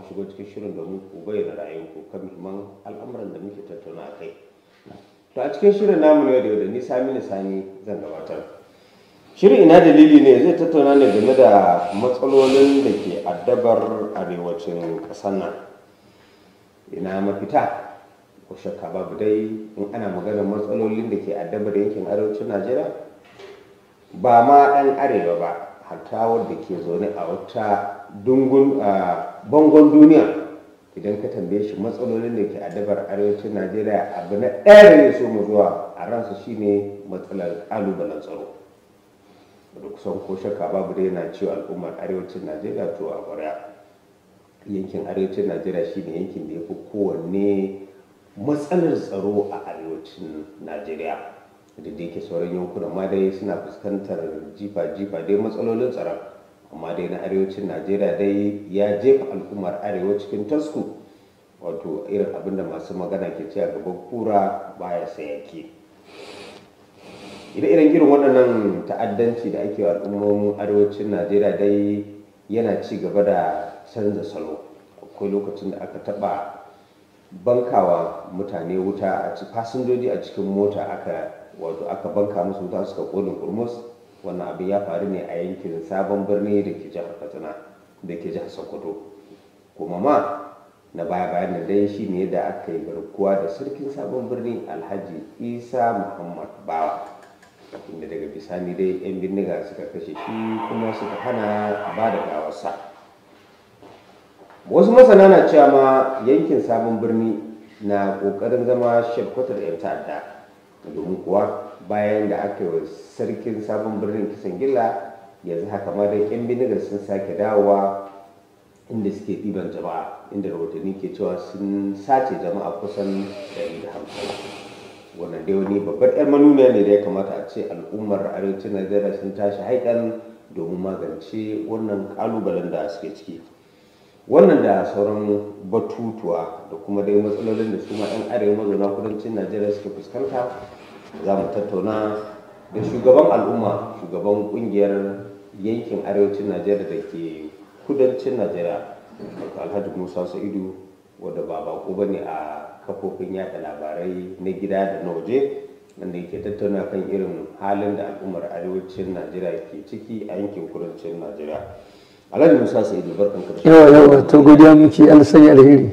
ku shigo cikin shirin domin ku bayyana ra'ayinku kan muhimman al'amuran da muke tattauna a kai to a cikin shirin namu na yau da ni sami sani zan gabatar shirin ina dalili ne zai tattauna ne game da matsalolin da ke addabar arewacin ƙasar nan ina mafita ko shakka babu dai in ana maganar matsalolin da ke addabar yankin arewacin najeriya ba ma ɗan arewa ba hatta wadda ke zaune a wata dungun a bangon duniya idan ka tambaye shi matsalolin da ke adabar arewacin najeriya abu na ɗaya da ya so mu zuwa a ransa shine matsalar ƙalubalen tsaro da kusan ko shakka babu da yana cewa al'ummar arewacin najeriya to a ƙwarya yankin arewacin najeriya shine yankin da ya fi kowanne matsalar tsaro a arewacin najeriya da da sauran yankunan ma dai suna fuskantar jifa-jifa dai matsalolin tsaron amma dai na arewacin najeriya dai ya jefa al'ummar arewa cikin tasku wato irin abin da masu magana ke cewa gaban kura baya sayake ire idan irin waɗannan ta'addanci da ake wa al'ummomin arewacin najeriya dai yana ci gaba da canza salo akwai lokacin da aka taɓa bankawa mutane wuta a fasinjoji a cikin mota aka wato aka banka musu wuta suka ƙone kurmus wannan abin ya faru ne a yankin sabon birni da ke jihar katsina da ke jihar sokoto kuma ma na baya bayan da dai shi ne da aka yi garkuwa da sarkin sabon birni alhaji isa muhammad bawa inda daga bisani dai yan bindiga suka kashe shi kuma suka hana ba da gawarsa wasu masana na cewa ma yankin sabon birni na ƙoƙarin zama shekwatar 'yan ta'adda domin kuwa bayan da aka yi sarkin sabon birnin kisan gilla yanzu haka ma dai yan binigar sun sake dawowa inda suke ɗiban jama'a inda rahotanni ke cewa sun sace jama'a kusan 150 wannan dai wani babbar yar manuniya ne da ya kamata a ce al'ummar arewacin najeriya sun tashi haikan domin magance wannan kalubalen da suke ciki wannan da sauran batutuwa da kuma dai matsalolin da su ma 'yan arewa mazauna kudancin najeriya suke fuskanta za mu tattauna da shugaban al'umma shugaban kungiyar yankin arewacin najeriya da ke kudancin najeriya alhaji musa sa'idu wadda ba bako ba ne a kafofin yada labarai na gida da na waje wanda yake tattauna kan irin halin da al'ummar arewacin najeriya ke ciki a yankin kudancin najeriya alhaji musa sa'idu barkan karshe yawa yawa to godiya muke alsani alheri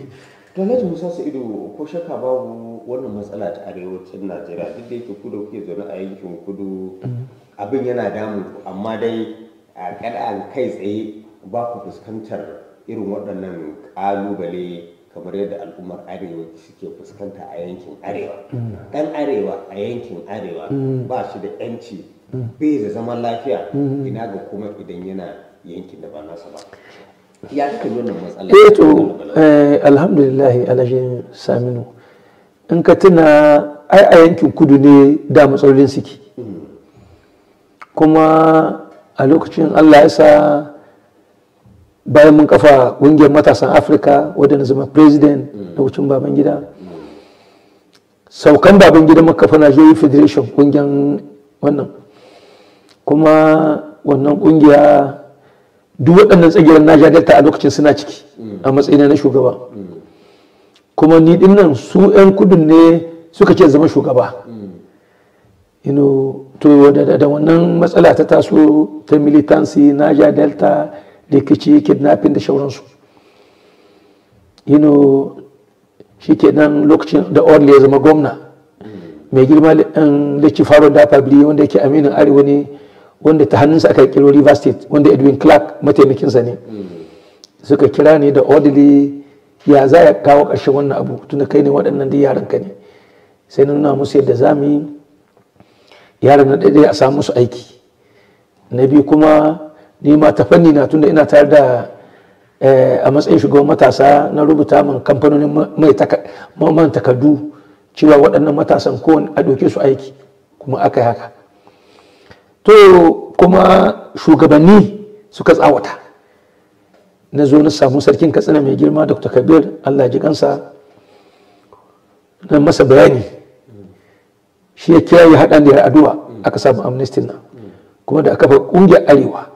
to alhaji musa su ido ko shakka babu wannan matsala ta arewacin najeriya duk da yake kudu kuke zaune a yankin kudu mm-hmm. abin yana damu amma dai a kadan kai tsaye ba ku fuskantar irin waɗannan ƙalubale kamar yadda al'ummar arewa suke fuskanta a yankin arewa mm-hmm. ɗan arewa a yankin arewa mm-hmm. ba shi da 'yanci bai da zaman lafiya ina ga kuma idan yana yankin da ba nasa ba ya kake nuna eh to eh, saminu in ka tuna ai a yankin kudu ne da matsalolin suke kuma a lokacin allah ya sa bayan mun kafa ƙungiyar matasan afirka wadda na zama president lokacin baban gida saukan baban gida muka kafa nigeria federation ƙungiyar wannan kuma wannan ƙungiya duk waɗannan tsagiran na ja delta a lokacin suna ciki mm. a matsayina na shugaba kuma ni dinnan su 'yan kudin ne suka ce zama shugaba mm. to da wannan matsala ta taso ta militansi naja delta rikici kidnapping da shauransu ino shi ke nan lokacin da orly ya zama gwamna mm. mai girma eh, lecci faro da fabri wanda yake aminin arewa ne wanda ta hannunsa aka kiro river state wanda edwin clark mataimakinsa ne suka kira ne da orderly ya za ya kawo ƙarshen wannan abu tunda kai ne waɗannan da yaran ka ne sai na nuna musu yadda za mu yi yaran na ɗaya a samu su aiki na biyu kuma ni ma ta fanni na tunda ina tare da eh, a matsayin shugaban matasa na rubuta min kamfanonin man takardu cewa waɗannan matasan kowane a ɗauke su aiki kuma aka yi haka to kuma shugabanni suka tsawata na zo na samu sarkin katsina mai girma dr kabir allah ji kansa na masa bayani shi ya kiyaye haɗa da addu'a aka samu amnesty na. kuma da aka fa ƙungiyar arewa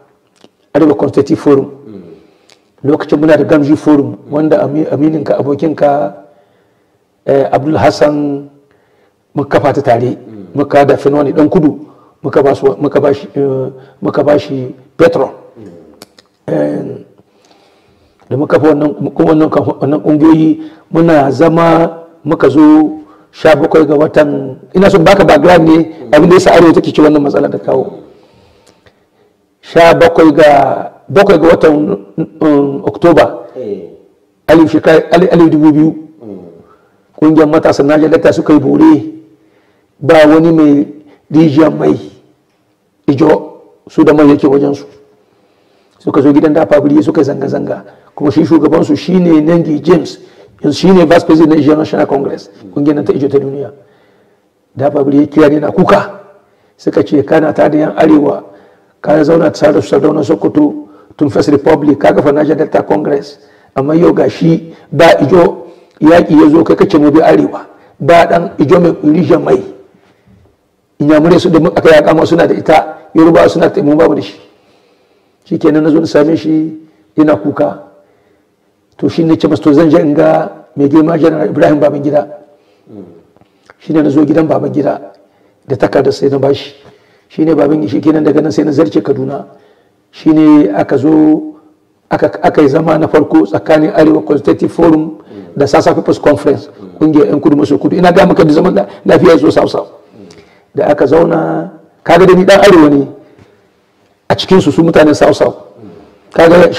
arewa constitutive forum lokacin muna da gamji forum wanda amininka abokinka eh, abdul hassan muka kafa ta tare muka da finwani dan kudu Eh, muka ba shi petrol da muka fi wannan kungiyoyi muna zama muka zo sha bakwai ga watan ina son baka background ne abin da yasa arewa take ci wannan matsala da kawo sha bakwai ga bakwai ga watan um, oktoba eh. alif shekara alif dubu biyu kungiyar na najeriya suka yi bore ba wani mai rijiyar mai ijo su da mai yake su suka zo gidan da fabri suka zanga-zanga kuma shi shugabansu shine nangi james yanzu shine vice president na national congress kungiyar ta ijo ta duniya da fabri ya kira na kuka suka ce kana ta da yan arewa ka zauna ta da sardauna sokoto tun first republic ka kafa national delta congress amma yau ga shi ba ijo yaƙi ya zo kai kace mu bi arewa ba dan ijo mai kulishin mai inyamurai su da aka yi ma suna da ita yoruba suna ta mu babu da shi shi kenan na zo na same shi yana kuka to shi ne ce masu zan je in ga mai girma janar ibrahim baban gida shi ne na zo gidan baban gida da takardar sai na bashi shi ne baban shi kenan daga nan sai na zarce kaduna shi ne aka zo aka yi zama na farko tsakanin arewa consultative forum da sassa people's conference kungiyar yan kudu maso kudu ina ga maka da zaman lafiya zo sau sau da aka zauna kaga da ni dan arewa ne a cikin su su mutanen south south kaga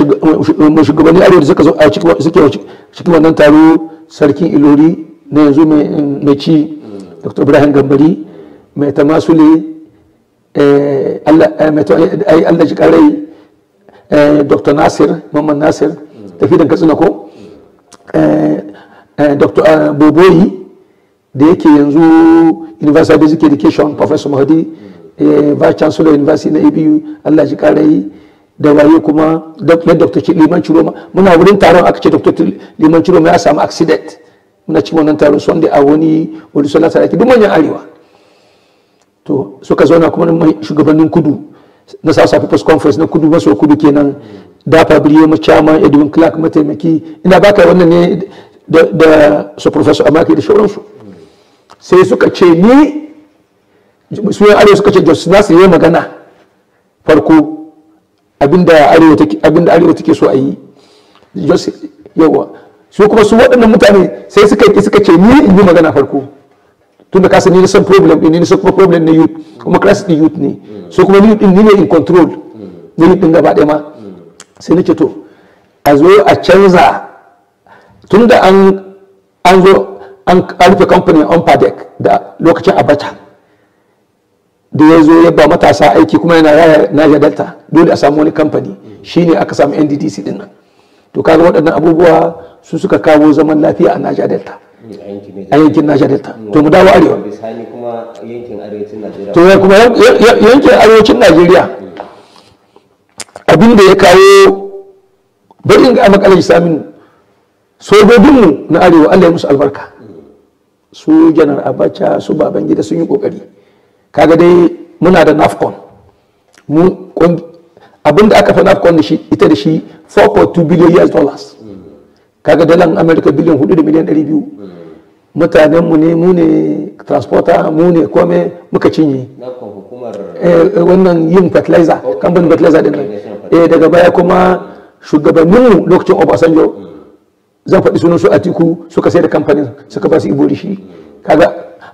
shugabanni arewa da suka zo a cikin wannan taro sarkin ilori na yanzu mai ci dr ibrahim gambari mai tamasule eh, eh, eh, allah ji karai dr nasir mamman nasir tafi da katsina ko dr boboyi da yake yanzu university of basic education professor mahdi eh, vice chancellor university na abu allah ji kara yi da waye kuma da dr liman chiroma muna wurin taron aka ce dr liman Chiroma ya samu accident muna cikin wannan taron sunday a wani wani sallah sarki duk manyan arewa to suka zauna kuma shugabannin kudu na south africa's conference na kudu maso kudu kenan dafa biriyoma chairman edwin clark mataimaki ina baka wannan ne da su professor amaki da shauransu sai suka ce ni su ya arewa suka ce jos na su yi magana farko abinda arewa take so a yi jos yawa su kuma su waɗannan mutane sai suka yi suka ce ni in yi magana farko tunda da kasa ni nisan problem ne ni kuma problem na youth kuma class din youth ne su kuma youth ni ne in control na youth din gaba ɗaya ma sai ce to a zo a canza tunda an an zo an rufe kamfanin onpadec da lokacin abacha da ya zo ya ba matasa aiki kuma yana raya niger delta dole a samu wani kamfani shine aka samu nddc din nan to kaga waɗannan abubuwa su suka kawo zaman lafiya a Naja delta a yankin Naja Delta mm. to mu dawo arewa to ya kuma yankin arewacin Najeriya mm. abin da ya kawo bari ga ga amakalar samin sojojinmu na arewa Allah ya musu albarka su janar abacha su baban gida sun yi kokari kaga dai muna da nafcon mu abinda da aka fa nafcon shi ita da shi 4.2 billion US dollars kaga dalan america billion 4 da miliyan 200 mutanen mu ne mu ne transporter mu ne kome muka cinye eh, wannan yin fertilizer bin fertilizer din nan eh, daga baya kuma shugabanninmu lokacin obasanjo mm. zan faɗi sunan su atiku suka sai da kamfanin suka ba su ibo da shi kaga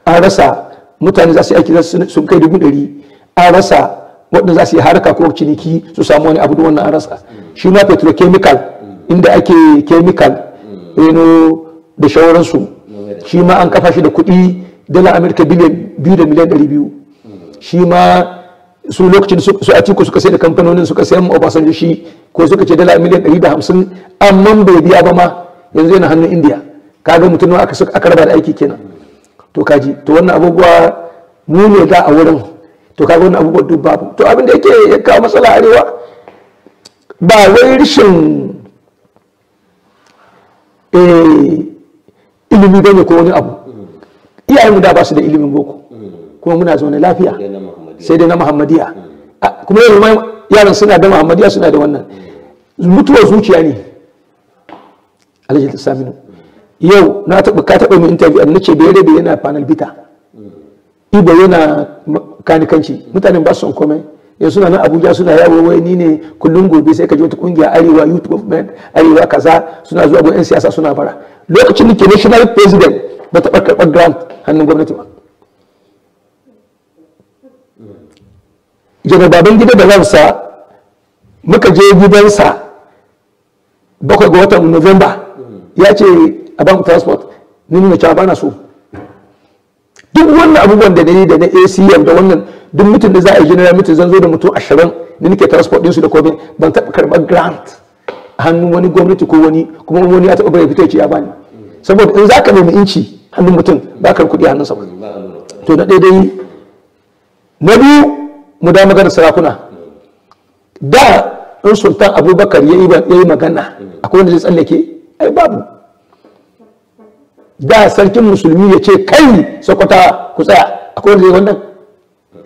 an rasa mutane za su yi aiki sun kai dubu ɗari an rasa waɗanda za su yi haraka ko ciniki su samu wani abu da wannan an rasa shi ma petrochemical inda ake chemical Eno da shawararsu shi ma an kafa shi da kuɗi dala amurka biliyan biyu da miliyan ɗari biyu shi ma su lokacin su a ciko suka sai da kamfanonin suka sayan obasanjo shi ko suka ce dala miliyan ɗari da hamsin amma bai biya ba ma yanzu yana hannun indiya kaga mutum aka aka raba da aiki kenan to kaji to wannan abubuwa mu ne da a wurin to kaga wannan abubuwa duk babu to abin da yake ya kawo matsala arewa ba wai rashin eh, ilimi bane ko wani abu mu da ba su da ilimin boko kuma muna zaune lafiya sai dai na muhammadiya kuma yaran suna da muhammadiya suna da wannan mutuwar zuciya ne alhaji saminu yau na taɓa ka taɓa mai interview an nace bere bere yana panel bita ibo yana kanci mutanen ba su son komai yanzu na nan abuja suna yawo wai ni ne kullum gobe sai ka ji wata kungiya arewa youth movement arewa kaza suna zuwa gun yan siyasa suna bara lokacin nake national president ba taɓa karɓar grant hannun gwamnati ba jama'a baban gida da ransa muka je gidansa bakwai ga watan november ya ce a bank transport ni ne cewa bana so duk wannan abubuwan da ni da na ACM da wannan duk mutum da za a yi general mutum zan zo da mutum ashirin ni nake transport ɗinsu da komai ban taɓa karɓar grant a hannun wani gwamnati ko wani kuma wani ya taɓa bai fita ce ya bani saboda in za ka nemi inci hannun mutum ba ka kuɗi hannunsa ba to na ɗaya dai na biyu mu da magana sarakuna da in sultan abubakar ya yi magana akwai wanda zai tsallake ai babu da sarkin musulmi ya ce kai sokota ku tsaya akwai wanda zai wannan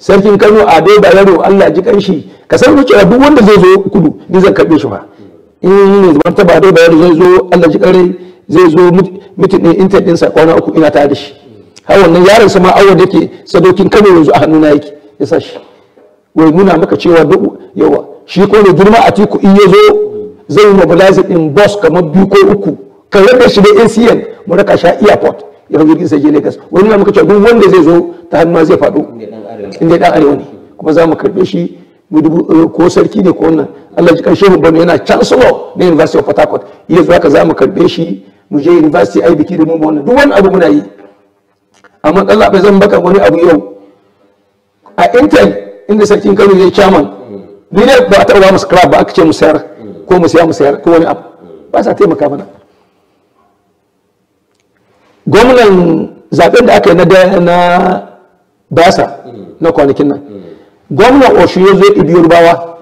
sarkin kano da yaro allah ji kanshi ka san ku duk wanda zai zo kudu ni zan karbe shi fa in ne zaman ta da yaro zai zo allah ji kare zai zo mitin din intanet din sa kwana uku ina tare da shi har wannan yaron sa ma da ke sadokin kano yanzu a hannuna yake ya sa shi wai muna maka cewa duk yawa shi ko ne girma a tiku in ya zo zai yi mobilizing in bus kamar biyu ko uku ka raka shi da acn mu raka shi a airport ya fi jirgin sai je lagos wani na muka ce duk wanda zai zo ta hannu zai faɗo inda ɗan arewa ne kuma za mu karɓe shi mu dubu eh, ko sarki ne ko wannan allah ji karshe bano yana chancellor na university of port harcourt yanzu haka za mu karɓe shi mu je university ai biki da mu wannan duk wani abu muna yi amma Allah bai zan baka wani abu yau a intel inda sarkin kano ne chairman ni ne ba a taɓa ba mu scrap ba aka ce mu sayar ko mu siya mu sayar ko wani abu ba sa taimaka mana gwamnan zaben da aka yi na basa na kwanakin nan gwamnan oshi ya zo ibi yorubawa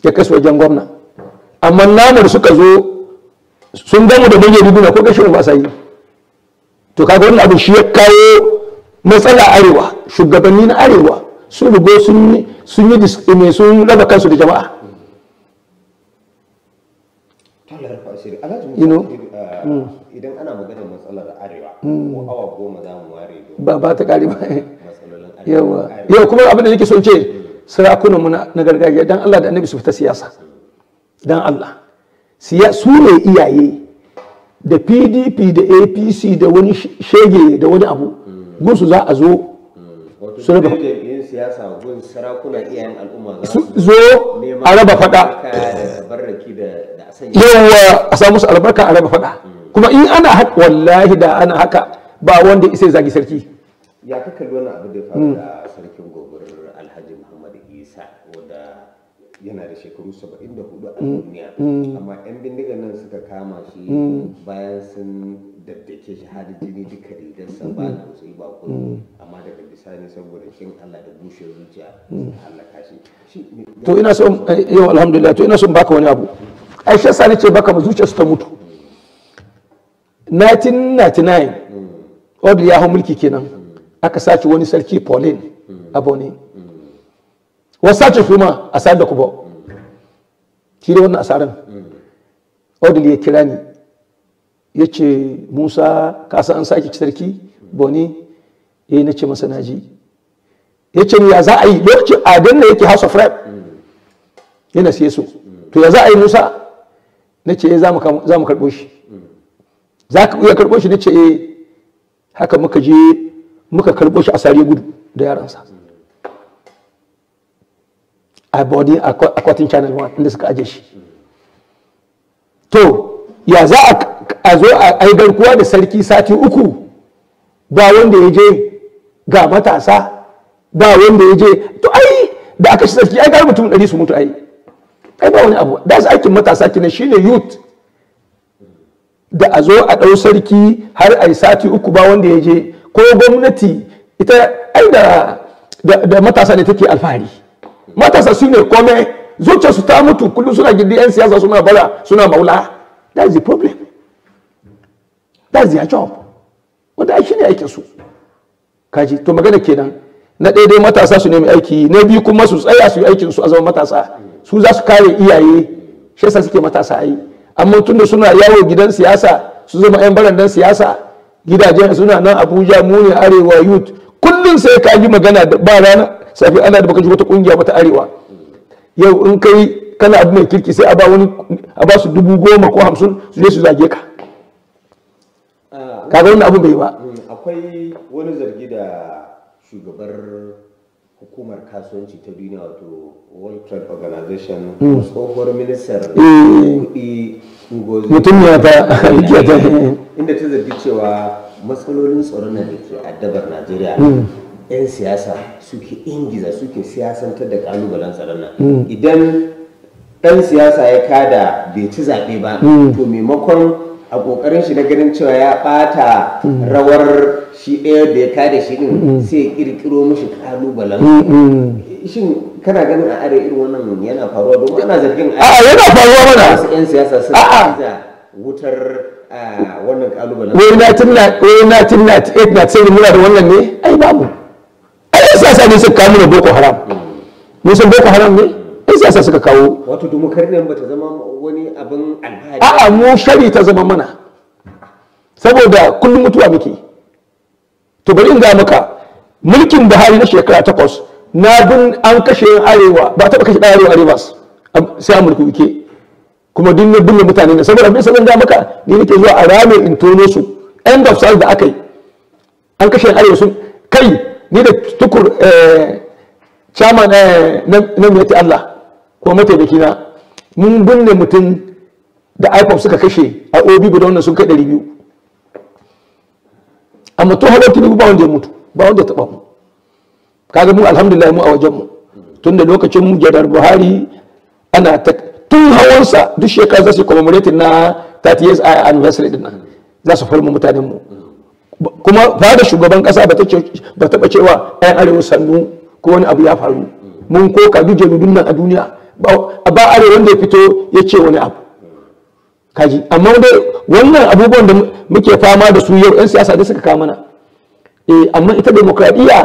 ya kasu wajen gwamna amma namar suka zo sun gamu da bayyana duniya ko kashe ba sa yi to ka gwamna abin shi ya kawo matsala arewa shugabanni na arewa sun rigo sun yi sun eh, raba kansu da jama'a Bashir Alhaji Musa ah, hmm. idan ana magana matsalar arewa ko hmm. awa goma za mu ware ba ba ta kare ba matsalolin yau kuma abin da nake son ce hmm. sarakunan mu na gargajiya dan Allah da Annabi su fita siyasa dan Allah su ne iyaye da PDP da APC da wani shege da wani abu gunsu za a zo su raba siyasa gun sarakuna iyayen al'umma za su zo a raba fada yawa a samu su albarka a raba fada, mm. kuma in ana haka wallahi da ana haka ba wanda isai zagi sarki ya ka kalli wani abu da ya faru mm. da sarkin gobarar alhaji muhammad isa wanda yana da shekaru 74 a mm. duniya amma yan bindiga nan suka kama shi bayan sun daddake shi har jini duka sa, ba na su yi ba amma daga bisani saboda kin Allah da bushe zuciya Allah kashi to ina son eh, yau alhamdulillah to ina son baka wani abu ai shi yasa nace baka mu zuciyarsu ta mutu 1999 odi ya hau mulki kenan aka sace wani sarki Pauline Abone wasu sace kuma a da kubo shi wannan asaran Odri ya kira ni ya ce Musa kasa an sake sarki Boni ya eh, na ce masa naji ya ce ya za a yi lokacin adin da yake house of rep yana siye su, to ya za a yi Musa na ce eh, za mu karɓo shi za ka iya karɓo shi na ce eh. haka muka je muka karɓo shi a sare gudu da yaransa a body akwatin channel 1 inda suka aje shi to ya za a zo a yi garkuwa da sarki sati uku ba wanda ya je ga matasa ba wanda ya je to ai da aka shi sarki ai gara mutum ɗari su mutu ai kai ba wani abu da su aikin matasa kenan shine youth da a zo a ɗau sarki har a yi sati uku ba wanda ya je ko gwamnati ita ai da da matasa ne take alfahari matasa su ne kome su ta mutu kullum suna gindi yan siyasa suna bara suna maula that's the problem that's their job wanda shi ne aikin su kaji to magana kenan na daidai matasa su nemi aiki na biyu kuma su tsaya su yi aikin su a zama matasa su za su kare iyaye shi yasa suke matasa ai amma tunda suna yawo gidan siyasa su zama yan barandan siyasa gidajen suna nan Abuja Muni Arewa youth kullum sai ka ji magana da ba rana safi ana da baka ji wata kungiya ta Arewa yau in kai kana abin mai kirki sai a ba wani a ba su dubu goma ko hamsin su je su zage ka ah, kaga wannan abu bai ba mm, akwai wani zargi da shugabar hukumar kasuwanci ta duniya wato world trade organization hmm. tsohuwar ministar eh. kudi ngozi mutum ya ta inda ta zargi cewa matsalolin tsaron da ke addabar najeriya hmm. 'yan siyasa suke ingiza suke siyasantar da kalubalen tsaron nan hmm. idan ɗan siyasa ya kada bai ci zaɓe ba to maimakon a ƙoƙarin shi na ganin cewa ya ɓata rawar shi ɗaya da ya kada shi ɗin sai ya ƙirƙiro mishi shin a are irin wannan yana faruwa mana wasu yan siyasa na muna da wannan ne ai babu ai yan ne suka kawo mana boko haram mm. mun san boko haram ne yan siyasa suka kawo zama wani abin a'a mu shari ta zama mana saboda kullum mutuwa muke to bari in ga maka mulkin buhari na shekara takwas na bin an kashe arewa ba taɓa kashe ɗaya arewa arewa sai a mulki uke kuma duk na binne mutane ne saboda bin sanin ga maka ni nake zuwa a rame in tono su end of da aka yi an kashe arewa sun kai ni da tukur eh, chama eh, na ta allah ko mataimaki na mun binne mutum da ipop suka kashe a obi bidon sun kai ɗari biyu amma tun haɗa tinubu ba wanda ya mutu ba wanda ya taɓa mu kaga mu alhamdulillah mu a wajen mu tun da lokacin mu jadar buhari ana ta tun hawansa duk shekara za su commemorating na 30 years ah, anniversary din nan za su mutanen mu kuma ba shugaban kasa ba taɓa cewa 'yan arewa sannu ko wani abu ya faru mun koka duk jaridun nan a duniya ba arewa wanda ya fito ya ce wani abu kaji amma dai wannan abubuwan da muke fama da su yau 'yan siyasa da suka kama na eh amma ita demokradiyya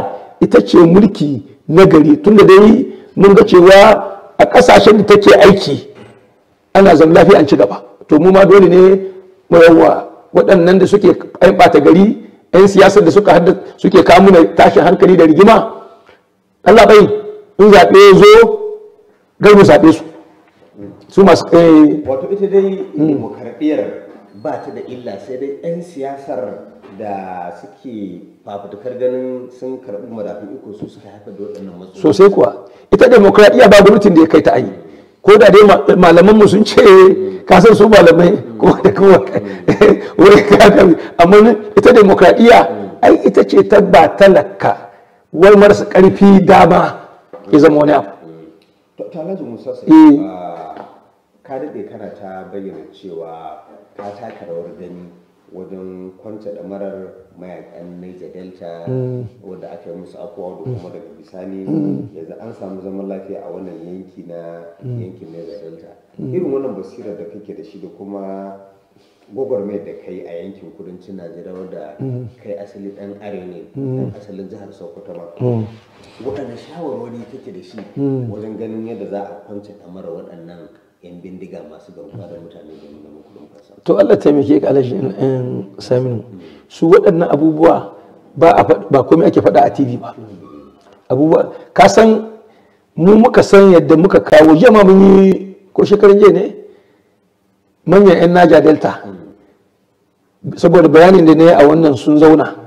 ita ce mulki na gari tunda dai mun ga cewa a kasashen da take aiki ana zama lafiya an ci gaba to mu ma dole ne yawa waɗannan da suke ayin ɓata gari 'yan siyasar da suka hadda suke kamu na tashin hankali da rigima Allah bai in zaɓe zo gari zaɓe su su masu kai wato ita dai hmm. demokaradiyyar ba ta da illa sai dai 'yan siyasar da suke fafutukar ganin sun karɓi madafin iko su suka haifar da waɗannan matsaloli sosai kuwa ita demokradiyya ba gwamnatin da ya kai ta ayi ko da dai malaman mu sun ce hmm. ka san su malamai hmm. ko da kuma wuri kakan amma ita demokradiyya ai ita ce ta ba talaka wai marasa ƙarfi dama ya zama wani abu. Musa sai eh. ah, ka daɗe kana ta bayyana cewa ka taka rawar gani wajen kwanta marar mayakan Niger Delta mm. wadda aka yi musu akowa da kuma mm. daga bisani mm. yanzu an samu zaman lafiya a wannan yanki na yankin Niger Delta irin wannan basirar da kake da shi da kuma gwagwarmayar da kai a yankin kudancin najeriya wadda kai asali ɗan are ne dan asalin jihar sokoto ba waɗanne shawarwari kake da shi wajen ganin yadda za a kwance mara waɗannan yan bindiga masu garkuwa da mutane da nuna muku don kasa to Allah taimake ka alashi in saminu su waɗannan abubuwa ba ba komai ake faɗa a TV ba abubuwa ka san mu muka san yadda muka kawo jama mun yi ko shekarun jiya ne manyan yan Naja Delta saboda bayanin da na yi a wannan sun zauna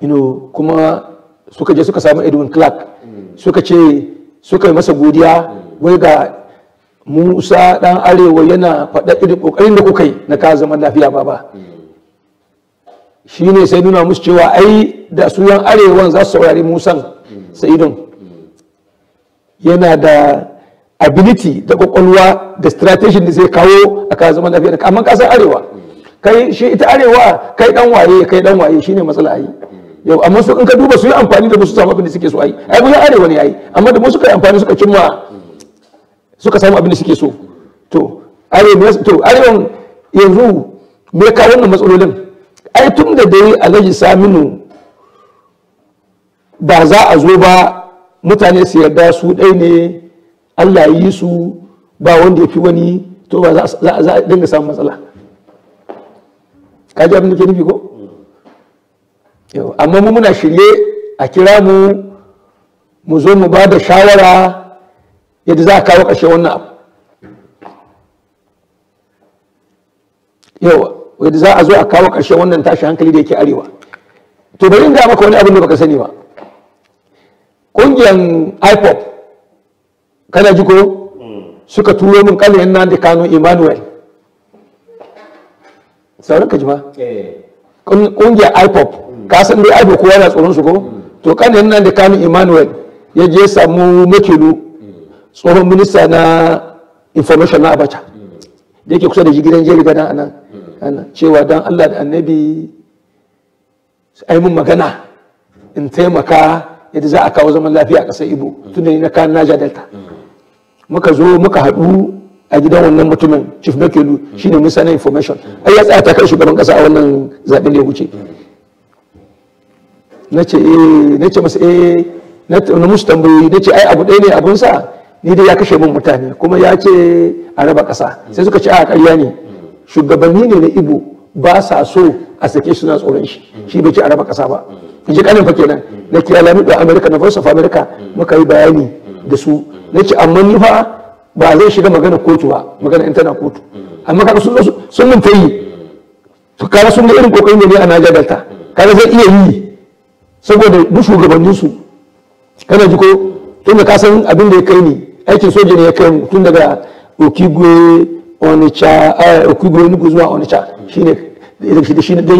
you kuma suka je suka samu Edwin Clark suka ce suka yi masa godiya wai ga musa dan arewa yana faɗa irin ƙoƙarin da kuka yi na ka zaman lafiya ba shine sai nuna musu cewa ai da su yan arewan za su saurari musan sa'idun yana da ability da ƙwaƙwalwa da strategy da zai kawo a ka zaman lafiya amma kasar arewa kai shi ita arewa kai dan waye kai dan waye shine matsala ai yau amma su in ka duba su yi amfani da musu samu da suke so ai ai gudan arewa ne ai amma da musu kai amfani suka cimma suka samu abin da suke so to arewan yanzu me kawo wannan matsalolin ai tun da dai alhaji saminu ba za a zo ba mutane su yarda su ɗai ne allah yi su ba wanda ya fi wani to ba za a dinga samun matsala kaji abin da ke nufi ko amma mu muna shirye a kira mu mu zo mu ba da shawara yadda za a kawo ƙarshe wannan abu yawa yadda za a zo a kawo ƙarshen wannan tashi hankali da yake arewa to bari ga maka wani abin da baka sani ba ƙungiyar ipop kana ji ko suka turo min ƙalayen na da kano emmanuel sauran ka ji ba, eh. ƙungiyar ipop hmm. ka san dai ado kowa na tsoron su ko hmm. to ƙalayen na da kano emmanuel ya je samu makelu tsohon minista na information na abacha da yake kusa da gidan jeri gada anan cewa don Allah da annabi ai mun magana in taimaka yadda za a kawo zaman lafiya a ƙasar ibo tunda ni na kan naja delta muka zo muka haɗu a gidan wannan mutumin chief mekelu ne minista na information ai ya tsaya takar shugaban ƙasa a wannan zaɓen da ya wuce na ce eh, masa eh na musu tambayoyi na ce ai abu ɗaya ne abun sa ni dai ya kashe min mutane kuma ya ce a raba ƙasa sai suka ce a ƙarya ne shugabanni ne na ibo ba sa so a sake suna tsoron shi shi bai ce a raba ƙasa ba ki ji ƙanin fa kenan na kira lamido america na voice of america muka yi bayani da su na ce amma ni fa ba zai shiga magana kotu ba magana in kotu amma kaga sun sun mun tayi to kaga sun ga irin kokarin da ne a Niger Delta kaga zai iya yi saboda mu shugabannin su kana ji ko tunda ka san abin da ya kai ni aikin soja ne ya kai mu tun daga okigwe onitsha okigwe enugu zuwa onitsha shine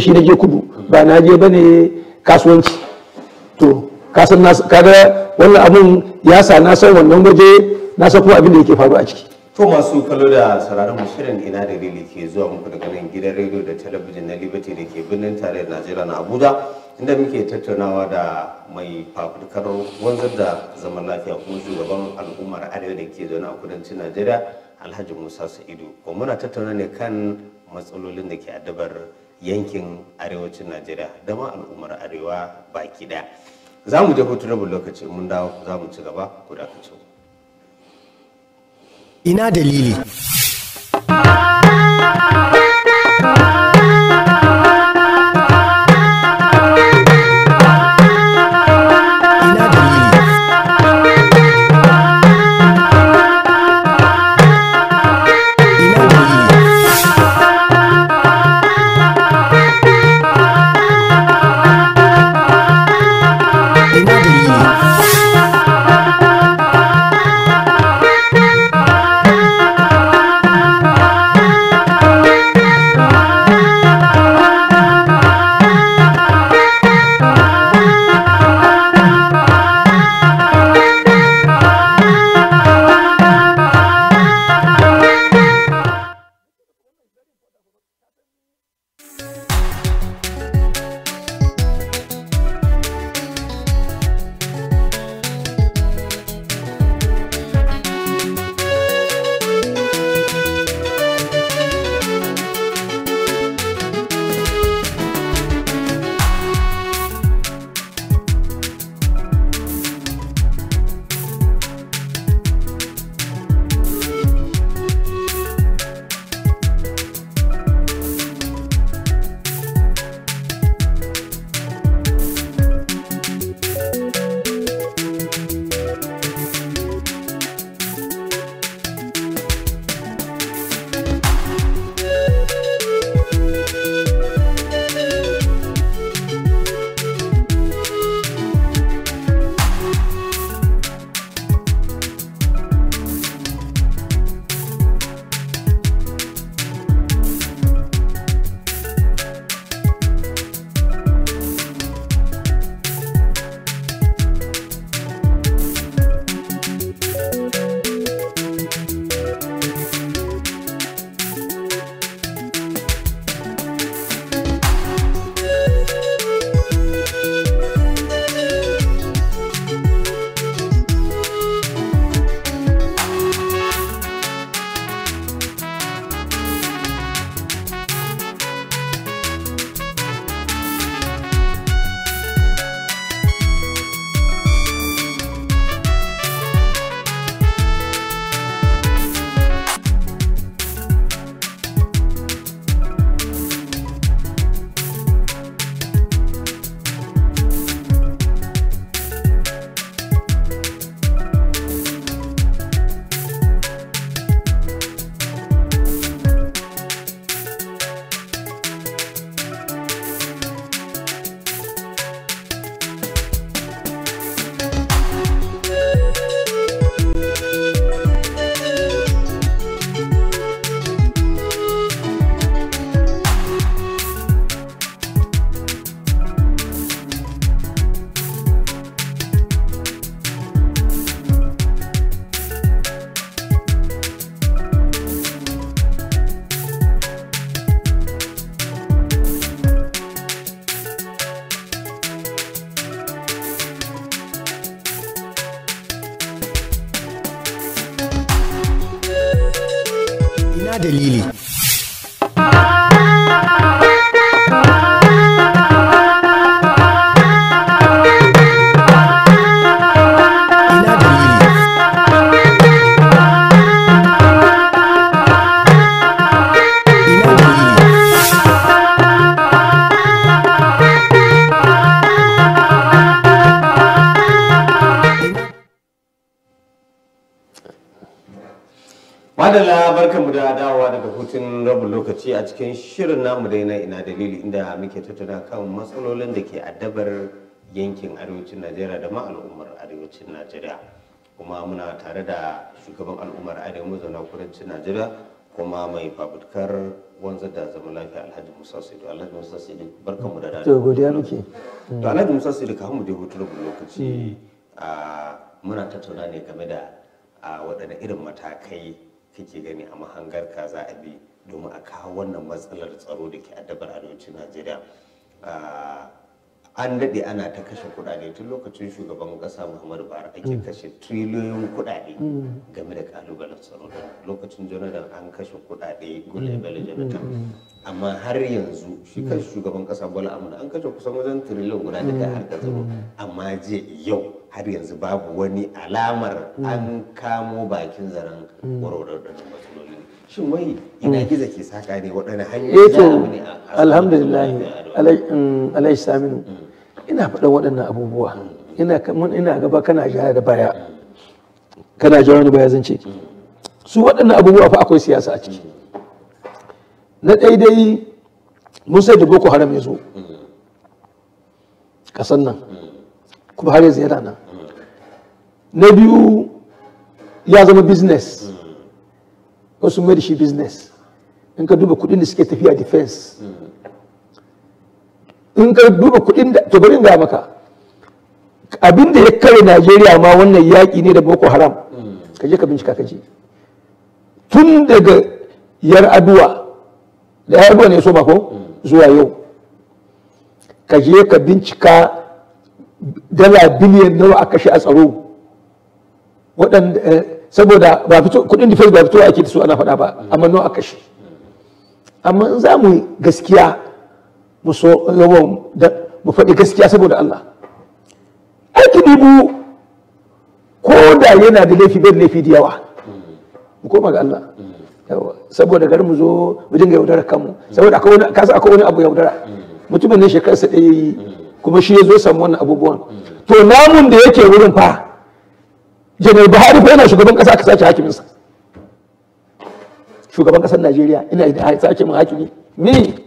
shi na je kudu ba na je bane kasuwanci to kasan na kaga wannan abun ya sa na san wannan waje na san kuma abin da yake faru a ciki to masu kallo da sauraron mu shirin ina dalili ke zuwa muku daga nan gidan rediyo da talabijin na liberty da ke birnin tarayyar najeriya na abuja inda muke tattaunawa da mai fafutukar wanzar da zaman lafiya kuma shugaban al'ummar arewa da ke zaune a kudancin najeriya alhaji musa sa'idu ko muna tattauna ne kan matsalolin da ke addabar yankin arewacin najeriya da ma al'ummar arewa baki daya za mu je hutu rabin lokaci mun dawo za mu ci gaba ku da ina dalili Madala barkanmu da dawowa daga hutun rabin lokaci a cikin shirin namu dai na ina dalili inda muke tattauna kan matsalolin da ke addabar yankin arewacin Najeriya da ma al'ummar arewacin Najeriya. Kuma muna tare da shugaban al'ummar arewa mazauna kudancin Najeriya kuma mai fafutukar wanzar da zama lafiya Alhaji Musa saidu Alhaji Musa Sidu barkanmu da dawowa. To godiya muke. To Alhaji Musa saidu kafin mu je hutun rabin lokaci mm. muna tattauna ne game da waɗanne irin matakai kake gani a mahangar ka za a bi domin a kawo wannan matsalar tsaro da ke addabar arewacin najeriya ah, an daɗe ana ta kashe kuɗaɗe tun lokacin shugaban ƙasa muhammadu buhari ake mm. kashe triliyoyin kuɗaɗe mm. game da ƙalubalen tsaro lokacin jonathan an kashe kuɗaɗe gulebele mm. jonathan amma har yanzu shi kan shugaban ƙasa bola amina an kashe kusan wajen triliyon guda daga da tsaro amma jiya yau har yanzu babu wani alamar an kamo bakin zaren warwarar matsaloli shin wai hmm. ina gizo ke saka ne waɗanne hanyoyi eh za a alhamdulillah hmm, alai saminu hmm. ina faɗan waɗannan abubuwa ina ina gaba kana jara da baya kana jara da baya zan ce su waɗannan abubuwa fa akwai siyasa a ciki na ɗai dai musa da boko haram ya zo ƙasan nan kuma har yanzu yana nan na biyu ya zama business wasu mai da shi business in ka duba kudin da suke tafiya defense in ka duba kudin da to bari ga maka abin da ya kare Najeriya ma wannan yaƙi ne da Boko Haram ka je ka bincika ka je tun daga yar aduwa da yar aduwa ne so ko zuwa yau ka je ka bincika dala biliyan nawa a kashe a tsaro waɗanda eh, saboda ba fito kudin defense ba fito ake da su ana faɗa ba amma nawa aka shi amma in za mu gaskiya mu so yawan da mu faɗi gaskiya saboda Allah aiki dubu ko da yana da laifi bai laifi da yawa mu koma ga Allah saboda garin mu zo mu dinga yaudara kanmu saboda akwai wani kasa akwai wani abu yaudara mutumin ne shekarsa ɗaya yi kuma shi ya zo samu wannan abubuwan to namun da yake wurin fa janar buhari ko yana shugaban kasa aka sace hakiminsa shugaban kasar najeriya ina da sace min hakimi ni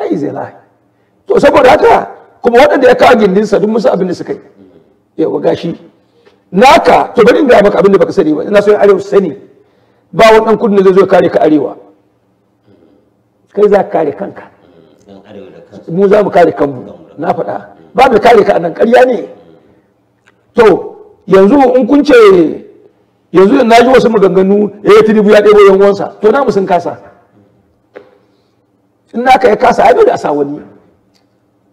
ai zai lahi to saboda haka kuma waɗanda ya kawo gindinsa duk musu abin da suka yi yawa gashi naka to bari in gaya maka abin da baka sani ba ina so arewa sani ba wannan kudin da zai zo kare ka arewa kai za ka kare kanka mu za mu kare kanmu na faɗa ba mu kare ka nan ƙarya ne to yanzu in kun ce yanzu na ji wasu maganganu eh tinubu ya ɗebo yan uwansa to na sun kasa in naka ya kasa ai dole a sa wani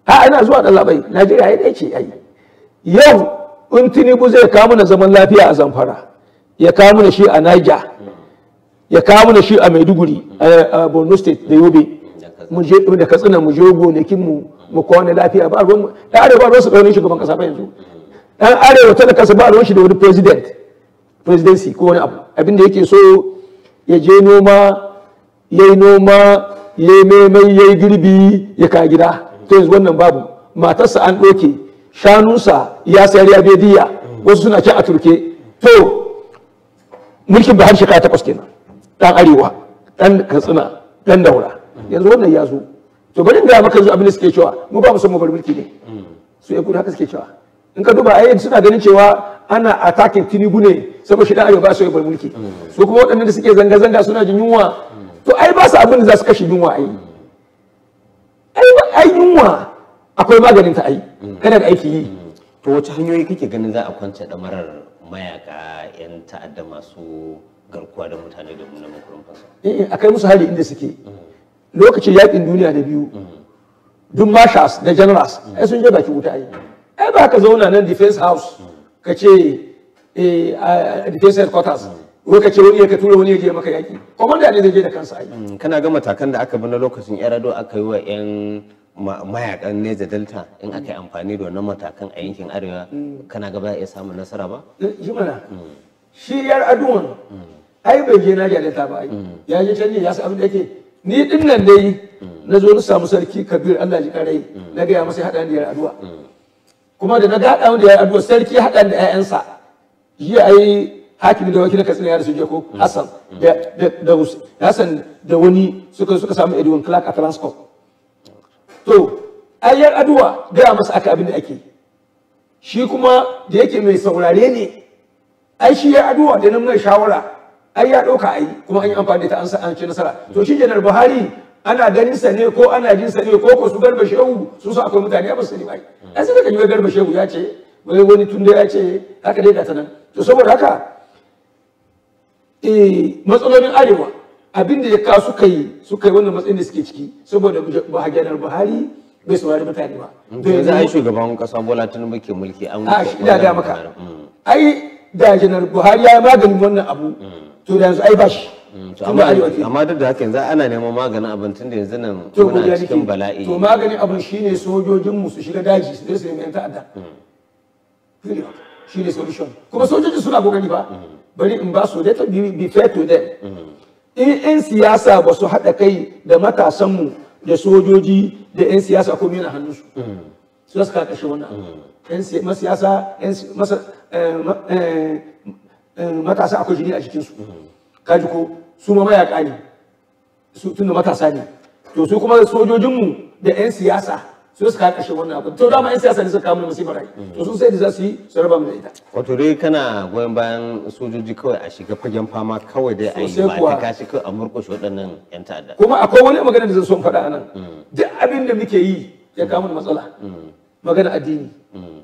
ha ina zuwa da labai najeriya ya ɗaya ce ai yau in tinubu zai kawo mana zaman lafiya a zamfara ya kawo mana shi a naija ya kawo mana shi a maiduguri eh, a borno state da yobe mu je da katsina mu je gonakin mu mu kwana lafiya ba ruwan da arewa ba su ɗaunin shugaban kasa ba yanzu dan arewa ta kasa ba ruwan shi da wani president presidency ko wani abu abin da yake so ya je noma ya yi noma ya yi maimai ya yi girbi ya ka gida to yanzu wannan babu matarsa an ɗauke shanunsa ya sayar ya bediya wasu suna can a turke to mulkin ba har shekara takwas kenan dan arewa dan katsina dan daura yanzu wannan ya zo to bari in ga maka yanzu abin da suke cewa mu ba mu san mu bar mulki ne su ya kudu haka suke cewa in ka duba ai suna ganin cewa ana attacking tinubu ne saboda shi dan arewa ba su yi mulki mm. su kuma waɗanda da suke zanga zanga suna jin yunwa mm. to ai ba su abin da za su kashe yunwa ai ai yunwa akwai maganin ta ai mm. Kada da aiki yi to wace hanyoyi kake ganin za a kwance ɗamarar mayaka yan ta'adda masu garkuwa da mutane da mu makurin fasa eh, eh, akai musu hali inda suke lokacin yakin duniya da biyu dun marshals da generals ai sun je baki wuta ai ai ba ka zauna nan defense house ka ce eh, a defense headquarters mm. wai ka ce wani ya ka tura wani ya je maka yaki komanda ne zai je da kansa aiki mm, kana ga matakan da aka bi na lokacin yarado aka yi wa yan mayakan neja delta in aka yi mm. amfani da wannan matakan a yankin arewa kana ga ba iya samun nasara ba yi eh, mana shi yar aduwan ai bai je naja delta ba ai ya je can ne ya san abin da yake ni din nan dai na zo na samu sarki kabir allah ji karai na gaya masa haɗa da yar aduwa kuma da na gada wanda ya yi addu'a sarki haɗa da ƴaƴansa jiya yi hakimi da wakilin katsina ya rasu jiya ko mm. Hassan da Hassan da wani suka suka samu Edwin Clark a Transcorp to ayyar addu'a gaya masa aka abin da ake shi kuma da yake mai saurare ne ai shi ya addu'a da nan mai shawara ai ya ɗauka ai kuma an yi amfani da ta sa an ci nasara to shi janar Buhari ana ganin sa ne ko ana jin sa ne ko ko su garba shehu su sa akwai mutane ba su ne bai ai sai ka yiwa garba shehu ya ce wai wani da ya ce haka dai ta nan to saboda haka eh matsalolin arewa abin da ya ka suka yi suka yi wannan matsayin da suke ciki saboda bahajanar buhari bai saurari mutane ba to mm, yanzu ai shugaban kasa bola tinubu ke mulki an a shi da ga maka mm. ai da janar buhari ya maganin wannan abu mm. to da yanzu ai ba shi Mm, amma duk da haka yanzu ana neman maganin abin tun da yanzu nan muna cikin bala'i to maganin abin shine sojojin mu su shiga daji su dace su ta ta'adda mm. shine solution kuma sojojin suna kokari ba mm. bari in ba su data be fair to them in yan siyasa ba su haɗa kai da matasan mu da sojoji da yan siyasa ko mina hannun su suka kashe wannan masiyasa eh, eh, eh, matasa akwai jini a jikin su. kaji ko su ma mayaka ne su tunda matasa ne to su kuma sojojinmu da 'yan siyasa su suka kashe wannan abu to dama 'yan siyasa ne suka kawo mana masifar rai to su sai da za su yi su raba da ita wato dai kana goyon bayan sojoji kawai a shiga fagen fama kawai dai a yi ba ta kashi kawai a murƙushe waɗannan 'yan ta'adda kuma akwai wani magana da zan so in faɗa anan mm. duk abin da muke yi ya mm. kawo mana matsala mm. magana addini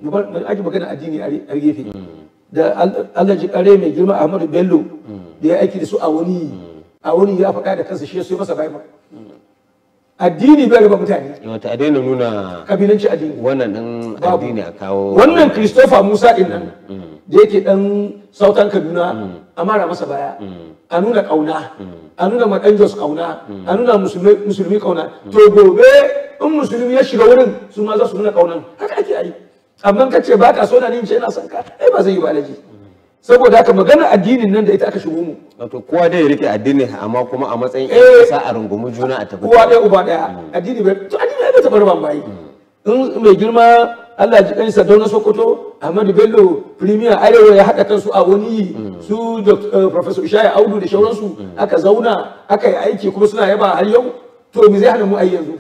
mu aji magana addini a gefe da Allah ji kare mai girma Ahmadu Bello da ya aiki da su a wani a wani ya faɗa da kansa shi ya so masa ba addini bai raba mutane wata addini nuna kabilanci addini wannan dan addini a kawo wannan Christopher Musa din nan mm. da yake dan sautan Kaduna mm. a mara masa baya mm. a nuna kauna a nuna madanjos kauna a nuna musulmi kauna to gobe in musulmi ya shiga wurin su ma za su nuna kaunan haka ake yi amma ka ce ba so da ni ce ina son ka ai ba zai yi ba laji saboda haka magana addinin nan da ita aka shigo mu wato kowa dai rike addini amma kuma a matsayin eh. sa a rungumi juna a tafi kowa dai uba daya mm. addini bai to addini ta bar ban bai in mai girma Allah ji kansa don Sokoto Ahmadu Bello Premier Arewa ya haɗa kansu a wani mm. su eh, Professor Ishaya Audu da shauransu mm. aka zauna aka yi aiki kuma suna yaba har yau to me zai hana mu ai yanzu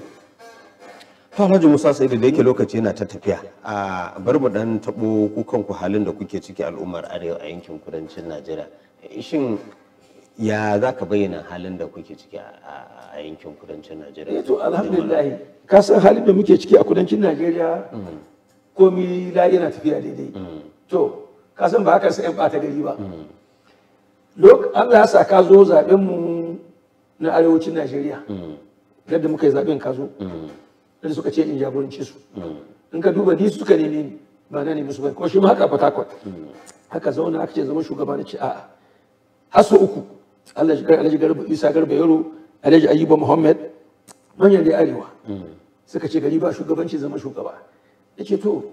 Alhaji Musa sai da yake lokaci yana ta tafiya a bar mu dan tabo ku kanku halin da kuke ciki al'ummar arewa a yankin kudancin Najeriya. Shin ya za ka bayyana halin da kuke ciki a yankin kudancin Najeriya? Eh, to alhamdulillah ka san halin da muke ciki a kudancin Najeriya mm. komi da yana tafiya daidai. Mm. To ka san ba haka sai ba bata gari ba. Mm. Lok Allah ya sa ka zo zaben mu na arewacin Najeriya. Yadda muka yi zaben ka zo. da suka ce in jagoranci su hmm. in ka duba ni suka neme ni ba na nemi su ba ko shi ma haka kwat hmm. haka zauna aka ce zama shugaba na ce a'a haso uku alhaji garba isa garba yaro alhaji ayuba muhammad manyan da arewa hmm. suka ce gari ba shugabanci zama shugaba ya ce to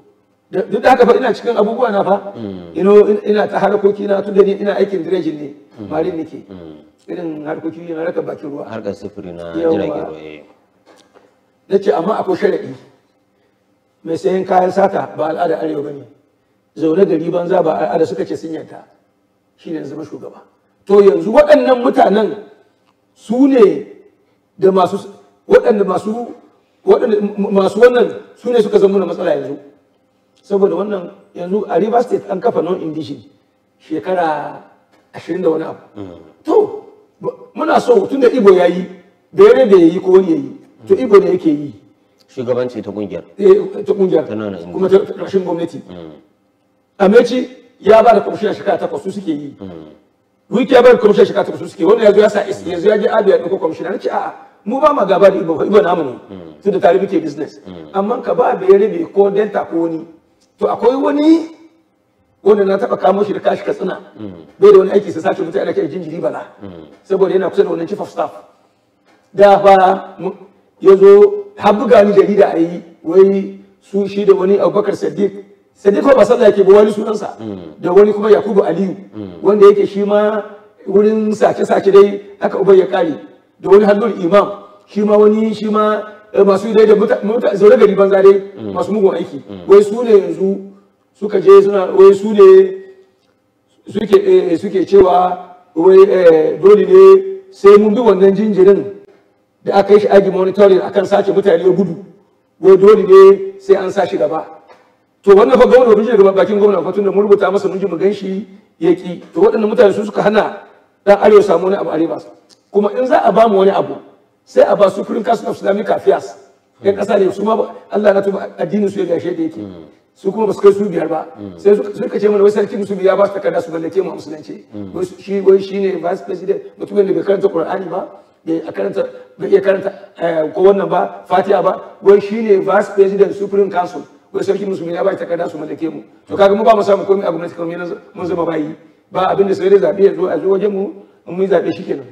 duk da haka fa ina cikin abubuwa na fa ina ta harkoki na tun da ni ina aikin direjin ne marin nake irin harkoki yin raka bakin ruwa harkar sufuri na jiragen ruwa eh. na ce amma akwai sharaɗi mai sayan kayan sata ba al'ada arewa ba ne zaune gari banza ba al'ada suka ce sun yanta shi ne zama shugaba to yanzu waɗannan mutanen su ne da masu waɗanda masu masu wannan su ne suka zama na matsala yanzu saboda wannan yanzu a river state an kafa non indigenous shekara ashirin da wani abu mm. to muna so tun da ibo ya yi da yare da ya yi ko wani ya yi to ibo ne yake yi shugabanci ta kungiyar eh ta kungiyar kuma ta rashin gwamnati mm. ameci ya ba da kwamishin shekara ta su suke yi mm. wiki ya ba da kwamishin shekara ta su suke wannan yazo ya sa yanzu ya je abiya ɗauko kwamishin na ce a'a mu ba ma gaba da ibo ibo namu ne su mm. da tare muke business amma ka ba bai rabe ko denta ko wani to akwai wani wanda na taba kamo shi da kashi katsina bai da wani aiki sai sace mutane ake jinjiri bala saboda yana kusa da wannan chief of staff da fa ya zo buga ni jarida da ayi wai su shi da wani abubakar sadiq sadiq ba sallah yake ba wani sunansa mm. da wani kuma yakubu aliyu mm. wanda yake shi ma wurin sace-sace dai haka ubai ya kare da wani hannun imam shi ma wani shi ma eh, masu dai da mota zaure gari banza dai mm. masu mugun aiki wai su ne yanzu suka je suna wai su ne suke eh, cewa wai eh, dole ne sai mun bi wannan jinjirin da aka yi shi aji monitoring akan sace mutane ya gudu wai dole ne sai an sashi gaba to wannan fa gwamnati mun ji bakin gwamnati fa tunda mun rubuta masa mun ji mu ganshi ya ki to waɗannan mutane su suka hana dan arewa samu wani abu arewa kuma in za a ba mu wani abu sai a ba su kurin kasu of islamic affairs ya kasa ne su ma Allah na tuba addinin su ya gashe da yake hmm. su kuma ba su kai su biyar ba hmm. sai suka ce mana wai sarkin su biya ba su takarda su mallake mu a musulunci hmm. shi wai shine vice president mutumin da bai karanta qur'ani ba A karanta iya karanta eh, ko wannan ba fatiha ba wai shine vice president supreme council wai sarki musulmi ya ba takarda su mallake mu to kaga mu ba mu samu komai a gwamnati kamar mun zama bayi ba abin da sai dai zabe ya zo a zo wajen mu mun zabe shikenan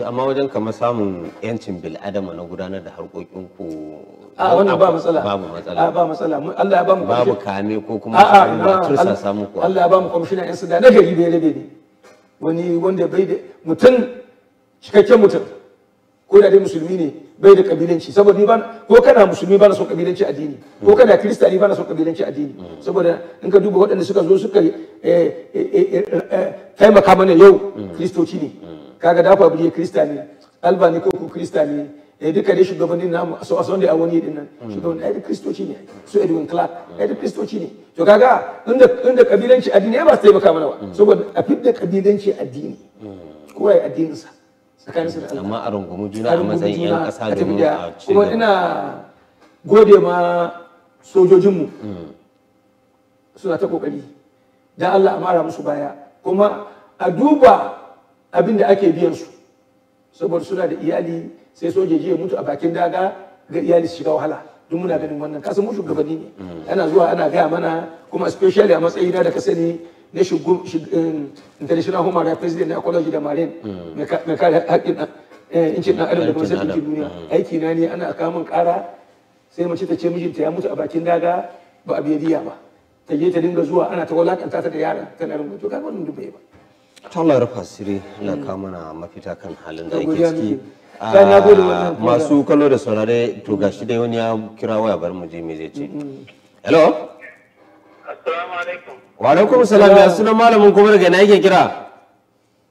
amma wajen kamar samun yancin bil'adama na gudanar da harkokin ku a wannan ba matsala babu matsala ba matsala Allah ya ba mu babu kame ko kuma a tursa samu ku Allah ya ba mu kwamishina yan sanda na gari bai rabe ne wani wanda bai da mutum cikakken mutum ko da dai musulmi ne bai da kabilanci saboda ba ko kana musulmi ba na son kabilanci addini ko kana kirista ni ba na son kabilanci addini saboda in ka duba waɗanda suka zo suka eh, eh, eh, taimaka mana yau kristoci ne kaga dafa kwa ne kirista ne alba ne ko ku kirista ne eh duka dai shugabannin namu so a son da awon yi dinnan shugaban ai kristoci ne su Edwin Clark ai kristoci ne to kaga inda inda kabilanci addini ba su taimaka mana ba saboda a fidda kabilanci addini kowa ya addininsa amma a rungumi juna a matsayin 'yan ƙasa domin a kuma ina gode ma sojojinmu mm. suna ta kokari dan Allah a mara musu baya kuma a duba abin da ake biyan su saboda suna da iyali sai sojoji ya mutu a bakin daga ga iyali su shiga wahala duk muna ganin wannan kasan mu shugabanni ne mm. ana zuwa ana gaya mana kuma especially a matsayina da ka sani ne na eh, international human rights president na college da marine hmm. mai kare haƙƙin eh, incin na adam da kuma sarkin duniya hmm. aiki na ne ana kamun kara sai mace ta ce mijinta ya mutu a bakin daga ba a biyadiya ba ta je ta dinga zuwa ana ta walakanta ta da yara tana rungu to ga wannan dubai ba ta Allah rufa sirri ina hmm. kama na mafita kan halin da yake ciki ah, masu kallo da saurare to gashi dai wani ya kira waya bar mu je me zai ce hello assalamu alaikum wa alaikum salam ya sunan malamin kuma daga ina yake kira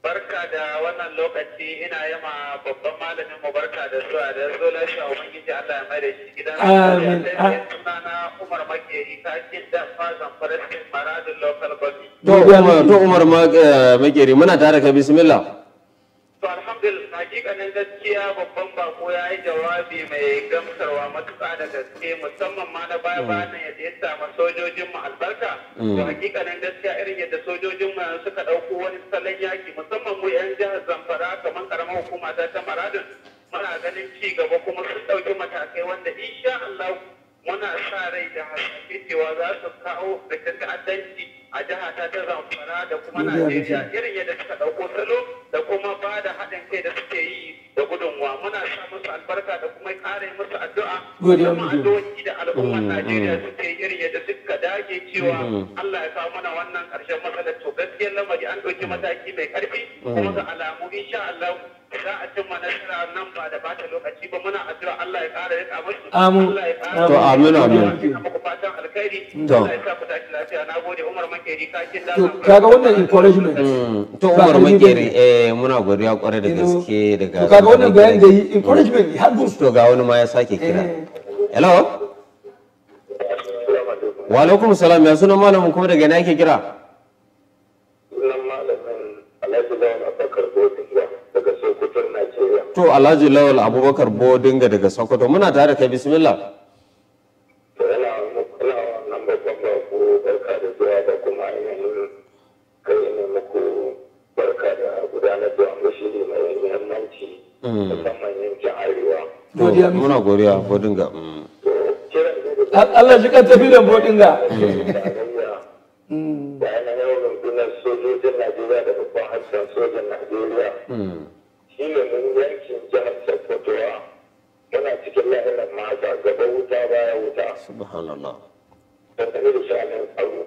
barka da wannan lokaci ina yama babban malamin mu barka da su a da so lafiya ubangiji Allah ya da shi gidan na sunana Umar Makeri kakin da fazan farashin maradin local body to Umar eh, Makeri muna tare ka bismillah hakikanin gaskiya babban bako ya yi jawabi mai gamsarwa matuƙa da gaske musamman ma na baya bayan yadda ya samu sojojin mu albarka mm. to hakikanin gaskiya irin yadda sojojin mu suka ɗauko wani salon yaki musamman mu yan jihar zamfara kamar karamar hukuma ta ta maradin muna ganin ci gaba kuma sun ɗauki matakai wanda insha Allah muna sa rai da hasashe cewa za su kawo da ta'addanci a jiha ta ta zamfara da kuma Najeriya irin yadda suka ɗauko salo da kuma ba da haɗin kai da suke yi da gudunwa muna sa musu albarka da kuma ƙara musu addu'a kuma addu'o'i da al'ummar mm, mm. Najeriya suke yi irin yadda suka dage cewa mm, Allah ya kawo mana wannan ƙarshen matsalar to gaskiyar lamari an ɗauki mataki mai ƙarfi kuma ga alamu insha Allah za a cimma manasara nan ba da bata lokaci ba muna addu'a Allah ya ƙara rika musu amin to amin amin muku fatan alkhairi Allah ya sa ku tashi lafiya nagode Umar Makeri da to kaga wannan encouragement mm. to Umar Makeri eh muna godiya kwarai da gaske daga to kaga wannan bayan da encouragement har to ga wani ma ya sake eh. kira hello wa alaikum salam ya sunan malamin kuma daga ina yake kira to alhaji lawal abubakar dinga daga sokoto muna tare da kai bismillah godiya muna godiya bodinga mm. Allah shi kan tafi da bodinga da mm. mm. yanayin sojojin Najeriya da babban sojan Najeriya shine ne yankin jihar sokotowa muna cikin lahirar mata gaba wuta baya wuta subhanallah da tare da sha'anin tsaro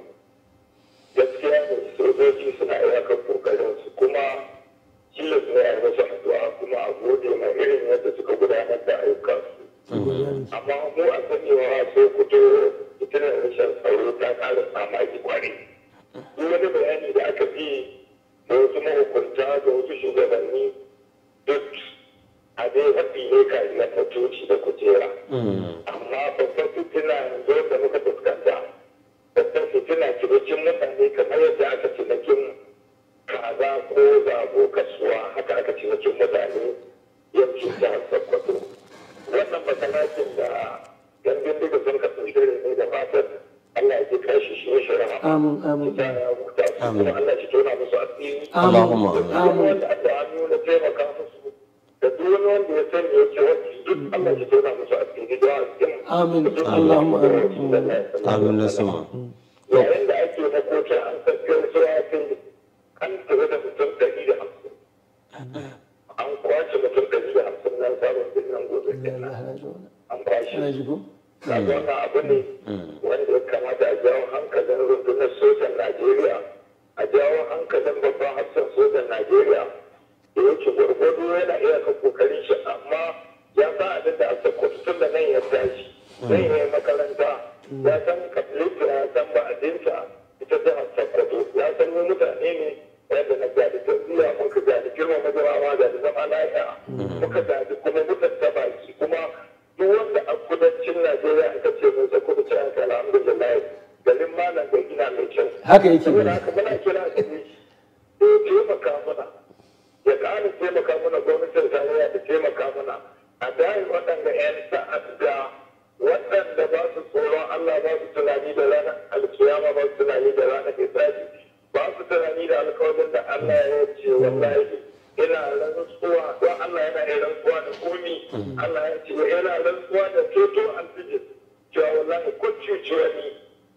gaskiya ne sojoji suna iyakar kokarin su kuma shi ne suna yi wasu addu'a kuma a gode ma irin yadda suka gudanar da ayyukansu amma mu a sanewa sokoto fitinar rashin tsaro ta ƙara samaki kwarai duk wani bayani da aka fi da wasu mahukunta da wasu shugabanni duk a dai haɗi ne ka na kwatoci da kujera amma babban fitina yanzu da muka fuskanta babban fitina kirocin mutane kamar yadda aka cinikin kaza ko zabo kasuwa haka aka cinikin mutane yankin jihar sokoto wannan masalakin da gandun duka sun kasu shirin ne da fatan Allah ya ji kashi shi ya shirama. Amin amin. Allah tona musu asiri. Amin amin. taimaka musu da duk wani wanda ya sani ya ce wacce duk Allah ya tona musu a cikin gida a cikin amin Allahumma amin amin da sama yayin da ake na kotu an tafiyar su ya kai an tafi da mutum ɗari da hamsin an kwace mutum ɗari da hamsin nan sabon birnin gobe kenan an kwashe kaga wannan abu ne wanda ya kamata a jawo hankalin rundunar sojan Najeriya a jawo hankalin babban hafsan sojan Najeriya da yake gwargwado yana iya ka kokarin shi amma ya sa abin da aka tun da nan ya tashi zai hmm. yi makaranta ya san kabilita ya san dinta ita a sakkwato ya san mu mutane ne yadda na gadi tarbiyya muka gadi girma mazarawa gadi zama laya hmm. muka gadi kuma mutan ta baki kuma duk wanda a kudancin najeriya aka ce mai sakkwato ce aka alhamdulillah garin malam da gina mai kyau haka yake ne muna kira da ya taimaka mana ya ƙara taimaka mana gwamnatin tarayya ta taimaka mana a dai waɗanda 'yan ta'adda waɗanda ba su tsoron Allah ba su tunani da ranar alkiyama ba su tunani da ranar hisabi ba su tunani da alkawarin da Allah ya ce wallahi ina rantsuwa don Allah yana iya rantsuwa da komi Allah ya ce yana rantsuwa da toto alfijir cewa wallahi ko cuciya ni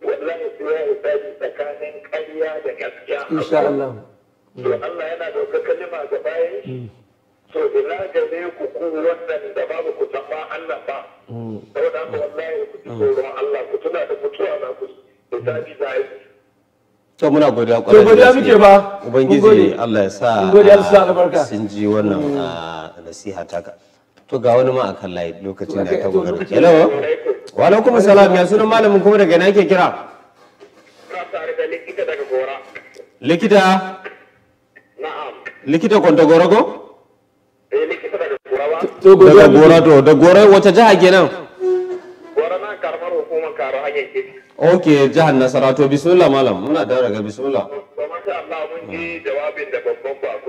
wallahi sai ya hisabi tsakanin ƙarya da gaskiya. Insha Allah. to Allah yana ɗauka kalima ga bayan mm. shi to ina gare ku ku da babu ku san ba Allah ba mm. saboda haka wallahi ku ji mm. tsoron Allah ku tuna da mutuwa na ku da tabi za yi to muna godiya kwarai da godiya muke ba ubangiji Allah ya sa ah, sun ji wannan ah, nasiha taka to ga wani ma akan layi lokacin da ta gugar hello wa alaikum salam ya sunan malamin kuma daga ina yake kira likita likita eh, da gora ko? da gora to da gora wata jaha kenan gora na karamar hukuma karo hanyar kebi okay jahan nasara to bismillah malam muna da daga bismillah ba masha Allah mun yi jawabin da babban ba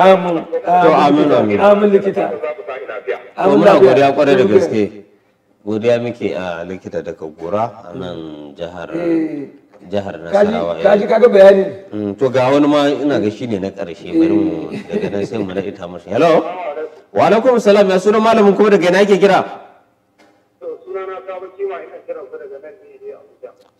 Amin. Amin. Amin likita. Amin lafiya. godiya kwarai da gaske. Godiya muke a likita daga Gora a nan jihar eh. jihar Nasarawa. Eh. Kaji kaga bayani. Mm, to ga wani ma ina ga shine na karshe bari mu eh. daga nan sai mu na ita mashi. Hello. Wa alaikum salam ya sunan malamin kuma daga ina yake kira?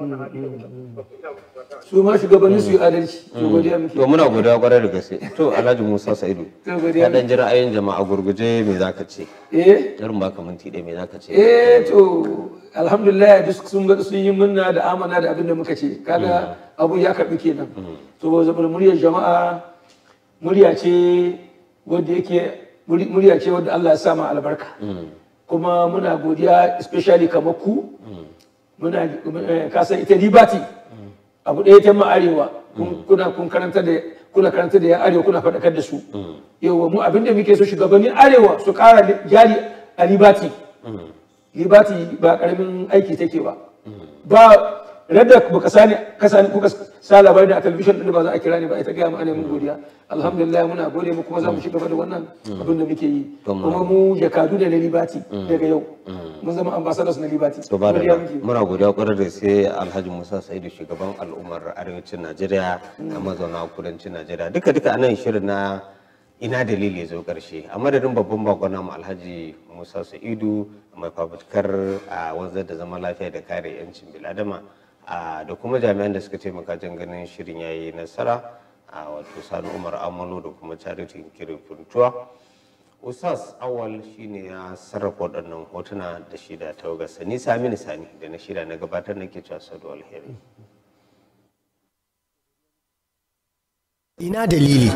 Mm, mm, mm. su ma shugabanni su yi adalci to godiya muke to muna godiya kwarai da gaske to Alhaji Musa Sa'idu ka dan jira ra'ayin jama'a gurguje me zaka ce eh irin ba ka minti dai me zaka ce eh to alhamdulillah duk sun ga sun yi munna da amana da abin da muka ce kaga abu ya karbi kenan to zabar muryar jama'a murya ce wanda yake murya ce wanda Allah ya sa albarka kuma muna godiya especially kamar ku muna eh, kasan ita riba ce abu ɗaya ta arewa mm. kuna kun karanta da kuna karanta da yan arewa kuna faɗakar da su mm. yawa mu abin da muke so shugabannin arewa su ƙara jari a libati mm. ba ƙaramin aiki take ba ba radda baka sani kasani kuka sa labari da a talabishin din ba za a kira ni ba ita gaya mu ana mun godiya alhamdulillah muna gode mu kuma za mu shiga mm. da wannan mm. abin da muke yi kuma mu jakadu da na libati mm. daga yau mun zama ambassadors na libati to ba da muna godiya kwarar da sai alhaji musa sa'idu shugaban al'ummar arewacin najeriya da mazauna kudancin najeriya duka duka anan shirin na ina dalili zo karshe a madadin babban bakon mu alhaji musa sa'idu mai fafutukar a wanzar da zama lafiya da kare 'yancin biladama da kuma jami'an da suka taimaka jan ganin shirin ya yi nasara a wato sani umar amano da kuma charity kiri funtuwa usas awal shine ya sarrafa waɗannan hotuna da shida ta wagasa sani sami sani da na shida na gabatar nake cewa da alheri ina dalili